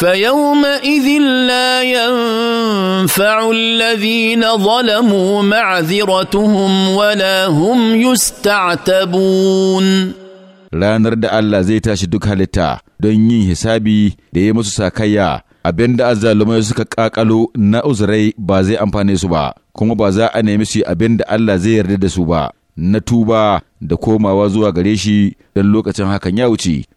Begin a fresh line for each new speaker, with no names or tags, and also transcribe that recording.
فيومئذ لا ينفع الذين ظلموا معذرتهم ولا هم يستعتبون
ranar da Allah zai tashi duk halitta don yin hisabi da ya musu sakayya abin da azzalumai suka ƙaƙalo na uzurai ba zai amfane su ba kuma ba za a nemi su abin da Allah zai yarda da su ba na tuba da komawa zuwa gare shi don lokacin hakan ya wuce